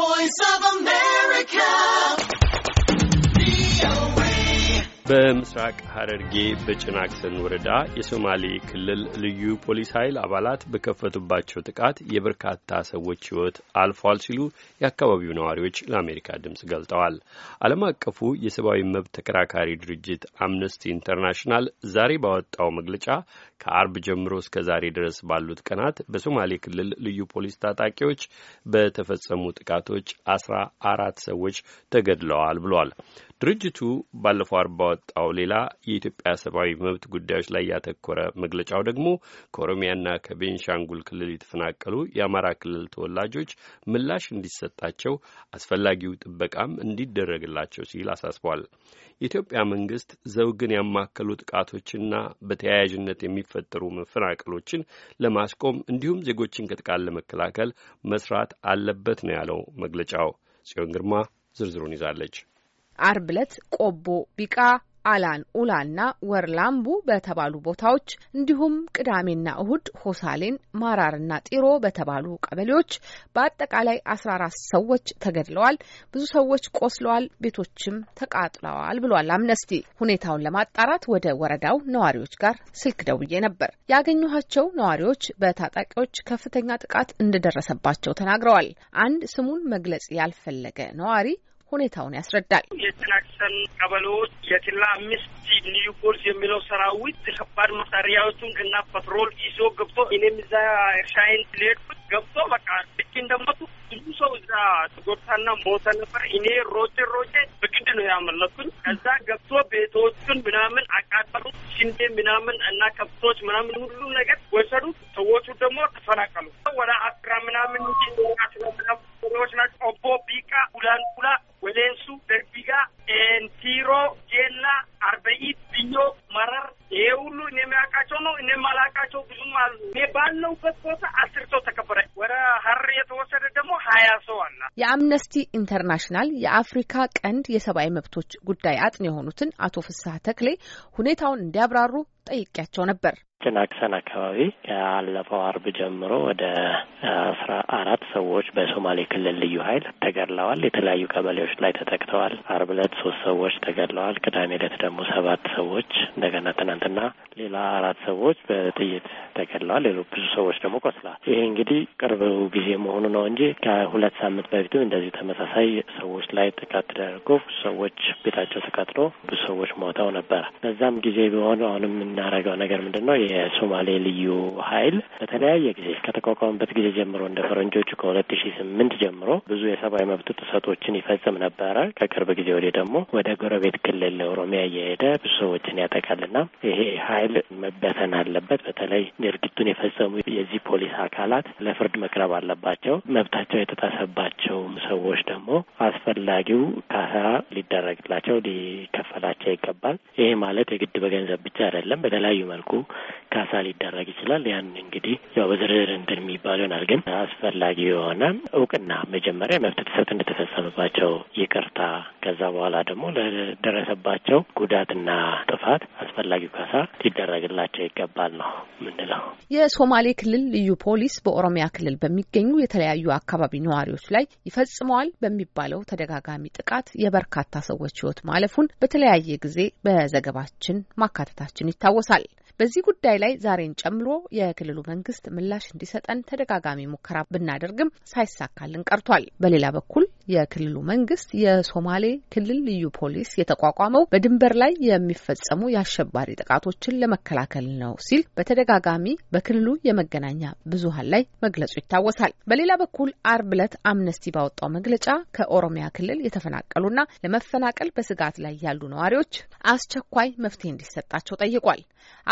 voice በምስራቅ ሐረርጌ በጭናክሰን ወረዳ የሶማሌ ክልል ልዩ ፖሊስ ኃይል አባላት በከፈቱባቸው ጥቃት የበርካታ ሰዎች ሕይወት አልፏል ሲሉ የአካባቢው ነዋሪዎች ለአሜሪካ ድምፅ ገልጠዋል። ዓለም አቀፉ የሰብአዊ መብት ተከራካሪ ድርጅት አምነስቲ ኢንተርናሽናል ዛሬ ባወጣው መግለጫ ከአርብ ጀምሮ እስከ ዛሬ ድረስ ባሉት ቀናት በሶማሌ ክልል ልዩ ፖሊስ ታጣቂዎች በተፈጸሙ ጥቃቶች አስራ አራት ሰዎች ተገድለዋል ብሏል። ድርጅቱ ባለፈው አርብ ባወጣው ሌላ የኢትዮጵያ ሰብአዊ መብት ጉዳዮች ላይ ያተኮረ መግለጫው ደግሞ ከኦሮሚያና ከቤንሻንጉል ክልል የተፈናቀሉ የአማራ ክልል ተወላጆች ምላሽ እንዲሰጣቸው አስፈላጊው ጥበቃም እንዲደረግላቸው ሲል አሳስቧል። የኢትዮጵያ መንግስት ዘውግን ያማከሉ ጥቃቶችና በተያያዥነት የሚ የሚፈጠሩ መፈናቀሎችን ለማስቆም እንዲሁም ዜጎችን ከጥቃት ለመከላከል መስራት አለበት ነው ያለው መግለጫው። ጽዮን ግርማ ዝርዝሩን ይዛለች። አርብ ዕለት ቆቦ ቢቃ አላን ኡላና ወርላምቡ በተባሉ ቦታዎች እንዲሁም ቅዳሜና እሁድ ሆሳሌን፣ ማራርና ጢሮ በተባሉ ቀበሌዎች በአጠቃላይ አስራ አራት ሰዎች ተገድለዋል፣ ብዙ ሰዎች ቆስለዋል፣ ቤቶችም ተቃጥለዋል ብሏል አምነስቲ። ሁኔታውን ለማጣራት ወደ ወረዳው ነዋሪዎች ጋር ስልክ ደውዬ ነበር። ያገኘኋቸው ነዋሪዎች በታጣቂዎች ከፍተኛ ጥቃት እንደደረሰባቸው ተናግረዋል። አንድ ስሙን መግለጽ ያልፈለገ ነዋሪ ሁኔታውን ያስረዳል። የተናክሰን ቀበሌዎች የትላ አምስት ኒው ፖሊስ የሚለው ሰራዊት ከባድ መሳሪያዎቹን እና ፓትሮል ይዞ ገብቶ እኔም እዛ እርሻዬን ሌድኩት ገብቶ በቃ ልክ እንደሞቱ ብዙ ሰው እዛ ተጎድታና ሞተ ነበር። እኔ ሮጬ ሮጬ በግድ ነው ያመለኩኝ። ከዛ ገብቶ ቤቶቹን ምናምን አቃጠሉ። ሽንዴ ምናምን እና ከብቶች ምናምን ሁሉ ነገር ወሰዱ። ሰዎቹ ደግሞ ተፈናቀሉ ወደ አስራ ምናምን ከተወሰደ ደግሞ ሀያ ሰው አለ። የአምነስቲ ኢንተርናሽናል የአፍሪካ ቀንድ የሰብአዊ መብቶች ጉዳይ አጥን የሆኑትን አቶ ፍስሀ ተክሌ ሁኔታውን እንዲያብራሩ ጠይቄያቸው ነበር። ጭናክሰን አካባቢ አለፈው አርብ ጀምሮ ወደ አስራ አራት ሰዎች በሶማሌ ክልል ልዩ ኃይል ተገድለዋል። የተለያዩ ቀበሌዎች ላይ ተጠቅተዋል። አርብ ዕለት ሶስት ሰዎች ተገድለዋል። ቅዳሜ ዕለት ደግሞ ሰባት ሰዎች እንደገና ትናንትና ሌላ አራት ሰዎች በጥይት ተገድለዋል። ሌሎ ብዙ ሰዎች ደግሞ ቆስለዋል። ይሄ እንግዲህ ቅርብ ጊዜ መሆኑ ነው እንጂ ከሁለት ሳምንት በፊትም እንደዚህ ተመሳሳይ ሰዎች ላይ ጥቃት ተደርጎ ሰዎች ቤታቸው ተቃጥሎ ብዙ ሰዎች ሞተው ነበረ። በዛም ጊዜ ቢሆን አሁንም የምናደርገው ነገር ምንድን ነው የሶማሌ ልዩ ኃይል በተለያየ ጊዜ ከተቋቋመበት ጊዜ ጀምሮ እንደ ፈረንጆቹ ከሁለት ሺ ስምንት ጀምሮ ብዙ የሰብአዊ መብት ጥሰቶችን ይፈጽም ነበረ። ከቅርብ ጊዜ ወዲህ ደግሞ ወደ ጎረቤት ክልል ኦሮሚያ እየሄደ ብዙ ሰዎችን ያጠቃልና ይሄ ኃይል መበተን አለበት። በተለይ ድርጊቱን የፈጸሙ የዚህ ፖሊስ አካላት ለፍርድ መቅረብ አለባቸው። መብታቸው የተጣሰባቸውም ሰዎች ደግሞ አስፈላጊው ካሳ ሊደረግላቸው ሊከፈላቸው ይገባል። ይሄ ማለት የግድ በገንዘብ ብቻ አይደለም። በተለያዩ መልኩ ካሳ ሊደረግ ይችላል። ያን እንግዲህ ያው በዝርዝር እንትን የሚባል ይሆናል። ግን አስፈላጊ የሆነ እውቅና መጀመሪያ መብት ጥሰት እንደተፈጸመባቸው ይቅርታ፣ ከዛ በኋላ ደግሞ ለደረሰባቸው ጉዳትና ጥፋት አስፈላጊው ካሳ ሊደረግላቸው ይገባል ነው የምንለው። የሶማሌ ክልል ልዩ ፖሊስ በኦሮሚያ ክልል በሚገኙ የተለያዩ አካባቢ ነዋሪዎች ላይ ይፈጽመዋል በሚባለው ተደጋጋሚ ጥቃት የበርካታ ሰዎች ህይወት ማለፉን በተለያየ ጊዜ በዘገባችን ማካተታችን ይታወሳል። በዚህ ጉዳይ ላይ ዛሬን ጨምሮ የክልሉ መንግስት ምላሽ እንዲሰጠን ተደጋጋሚ ሙከራ ብናደርግም ሳይሳካልን ቀርቷል። በሌላ በኩል የክልሉ መንግስት የሶማሌ ክልል ልዩ ፖሊስ የተቋቋመው በድንበር ላይ የሚፈጸሙ የአሸባሪ ጥቃቶችን ለመከላከል ነው ሲል በተደጋጋሚ በክልሉ የመገናኛ ብዙሀን ላይ መግለጹ ይታወሳል። በሌላ በኩል አርብ ዕለት አምነስቲ ባወጣው መግለጫ ከኦሮሚያ ክልል የተፈናቀሉና ለመፈናቀል በስጋት ላይ ያሉ ነዋሪዎች አስቸኳይ መፍትሄ እንዲሰጣቸው ጠይቋል።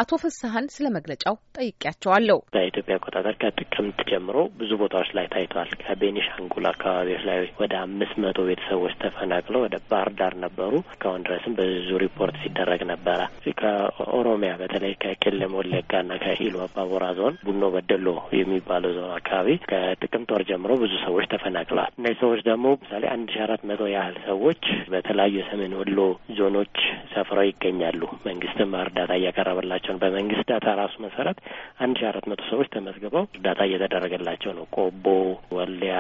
አቶ ፍስሀን ስለ መግለጫው ጠይቄያቸዋለሁ። በኢትዮጵያ አቆጣጠር ከጥቅምት ጀምሮ ብዙ ቦታዎች ላይ ታይቷል። ከቤኒሻንጉል አካባቢዎች ላይ ወደ አምስት መቶ ቤተሰቦች ተፈናቅለው ወደ ባህር ዳር ነበሩ። እስካሁን ድረስም በዙ ሪፖርት ሲደረግ ነበረ። ከኦሮሚያ በተለይ ከቄለም ወለጋና ከኢሉ አባቦራ ዞን ቡኖ በደሎ የሚባለው ዞን አካባቢ ከጥቅምት ወር ጀምሮ ብዙ ሰዎች ተፈናቅለዋል። እነዚህ ሰዎች ደግሞ ምሳሌ አንድ ሺ አራት መቶ ያህል ሰዎች በተለያዩ የሰሜን ወሎ ዞኖች ሰፍረው ይገኛሉ። መንግስትም እርዳታ እያቀረበላቸው እያቀረበላቸውን በመንግስት ዳታ ራሱ መሰረት አንድ ሺ አራት መቶ ሰዎች ተመዝግበው እርዳታ እየተደረገላቸው ነው። ቆቦ፣ ወልዲያ፣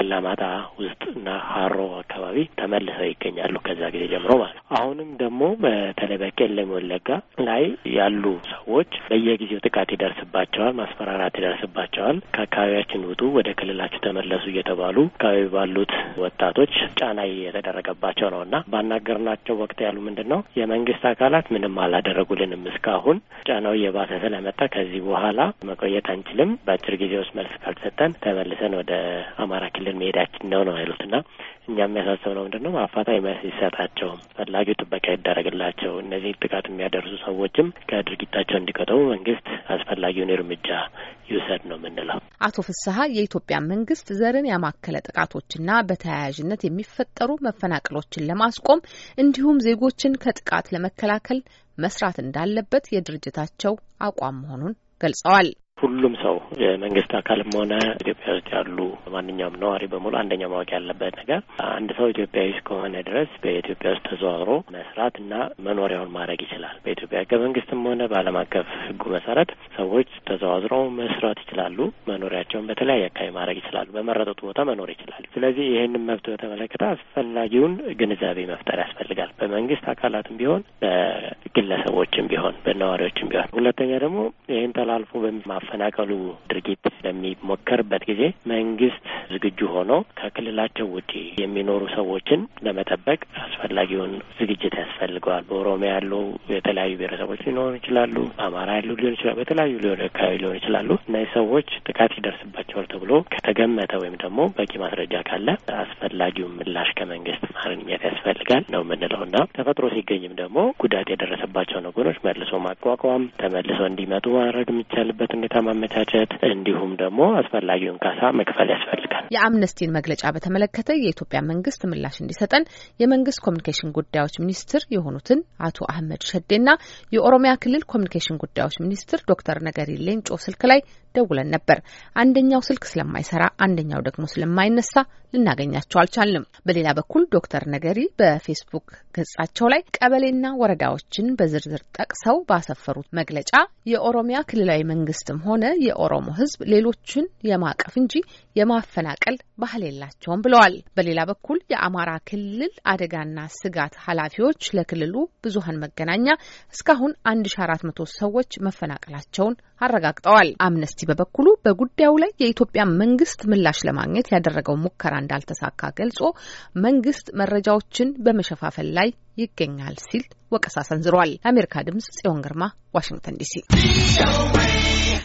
አላማጣ ውስጥ на хоро አካባቢ ተመልሰው ይገኛሉ። ከዛ ጊዜ ጀምሮ ማለት አሁንም ደግሞ በተለይ በቄለም ወለጋ ላይ ያሉ ሰዎች በየጊዜው ጥቃት ይደርስባቸዋል፣ ማስፈራራት ይደርስባቸዋል። ከአካባቢያችን ውጡ፣ ወደ ክልላችሁ ተመለሱ እየተባሉ አካባቢ ባሉት ወጣቶች ጫና የተደረገባቸው ነው እና ባናገርናቸው ወቅት ያሉ ምንድን ነው የመንግስት አካላት ምንም አላደረጉልንም እስካሁን ጫናው እየባሰ ስለመጣ ከዚህ በኋላ መቆየት አንችልም፣ በአጭር ጊዜ ውስጥ መልስ ካልሰጠን ተመልሰን ወደ አማራ ክልል መሄዳችን ነው ነው ያሉት እና እኛ የሚያሳስብ ነው ምንድን ነው ማፋታ ይሰጣቸው፣ ፈላጊው ጥበቃ ይደረግላቸው። እነዚህ ጥቃት የሚያደርሱ ሰዎችም ከድርጊታቸው እንዲቆጠቡ መንግስት አስፈላጊውን እርምጃ ይውሰድ ነው የምንለው። አቶ ፍስሀ የኢትዮጵያ መንግስት ዘርን ያማከለ ጥቃቶችና በተያያዥነት የሚፈጠሩ መፈናቀሎችን ለማስቆም እንዲሁም ዜጎችን ከጥቃት ለመከላከል መስራት እንዳለበት የድርጅታቸው አቋም መሆኑን ገልጸዋል። ሁሉም ሰው የመንግስት አካልም ሆነ ኢትዮጵያ ውስጥ ያሉ ማንኛውም ነዋሪ በሙሉ አንደኛው ማወቅ ያለበት ነገር አንድ ሰው ኢትዮጵያዊ እስከሆነ ድረስ በኢትዮጵያ ውስጥ ተዘዋውሮ መስራት እና መኖሪያውን ማድረግ ይችላል። በኢትዮጵያ ህገ መንግስትም ሆነ በዓለም አቀፍ ህጉ መሰረት ሰዎች ተዘዋዝረው መስራት ይችላሉ። መኖሪያቸውን በተለያየ አካባቢ ማድረግ ይችላሉ። በመረጠቱ ቦታ መኖር ይችላል። ስለዚህ ይህንን መብት በተመለከተ አስፈላጊውን ግንዛቤ መፍጠር ያስፈልጋል። በመንግስት አካላትም ቢሆን፣ በግለሰቦችም ቢሆን፣ በነዋሪዎችም ቢሆን። ሁለተኛ ደግሞ ይህን ተላልፎ በማ የማፈናቀሉ ድርጊት በሚሞከርበት ጊዜ መንግስት ዝግጁ ሆኖ ከክልላቸው ውጪ የሚኖሩ ሰዎችን ለመጠበቅ አስፈላጊውን ዝግጅት ያስፈልገዋል። በኦሮሚያ ያሉ የተለያዩ ብሔረሰቦች ሊኖሩ ይችላሉ። በአማራ ያሉ ሊሆን ይችላሉ። በተለያዩ ሊሆን አካባቢ ሊሆን ይችላሉ። እነዚህ ሰዎች ጥቃት ይደርስባቸዋል ተብሎ ከተገመተ ወይም ደግሞ በቂ ማስረጃ ካለ አስፈላጊውን ምላሽ ከመንግስት ማግኘት ያስፈልጋል ነው የምንለው እና ተፈጥሮ ሲገኝም ደግሞ ጉዳት የደረሰባቸውን ወገኖች መልሶ ማቋቋም ተመልሶ እንዲመጡ ማድረግ የሚቻልበት ሁኔታ ማመቻቸት እንዲሁም ደግሞ አስፈላጊውን ካሳ መክፈል ያስፈልጋል። የአምነስቲን መግለጫ በተመለከተ የኢትዮጵያ መንግስት ምላሽ እንዲሰጠን የመንግስት ኮሚኒኬሽን ጉዳዮች ሚኒስትር የሆኑትን አቶ አህመድ ሸዴና የኦሮሚያ ክልል ኮሚኒኬሽን ጉዳዮች ሚኒስትር ዶክተር ነገሪ ሌንጮ ስልክ ላይ ደውለን ነበር። አንደኛው ስልክ ስለማይሰራ፣ አንደኛው ደግሞ ስለማይነሳ ልናገኛቸው አልቻልንም። በሌላ በኩል ዶክተር ነገሪ በፌስቡክ ገጻቸው ላይ ቀበሌና ወረዳዎችን በዝርዝር ጠቅሰው ባሰፈሩት መግለጫ የኦሮሚያ ክልላዊ መንግስትም ሆነ የኦሮሞ ሕዝብ ሌሎችን የማቀፍ እንጂ የማፈናቀል ባህል የላቸውም ብለዋል። በሌላ በኩል የአማራ ክልል አደጋና ስጋት ኃላፊዎች ለክልሉ ብዙሀን መገናኛ እስካሁን 104መቶ ሰዎች መፈናቀላቸውን አረጋግጠዋል። አምነስቲ በበኩሉ በጉዳዩ ላይ የኢትዮጵያ መንግስት ምላሽ ለማግኘት ያደረገው ሙከራ እንዳልተሳካ ገልጾ መንግስት መረጃዎችን በመሸፋፈል ላይ ይገኛል ሲል ወቀሳ ሰንዝሯል። ለአሜሪካ ድምጽ ጽዮን ግርማ ዋሽንግተን ዲሲ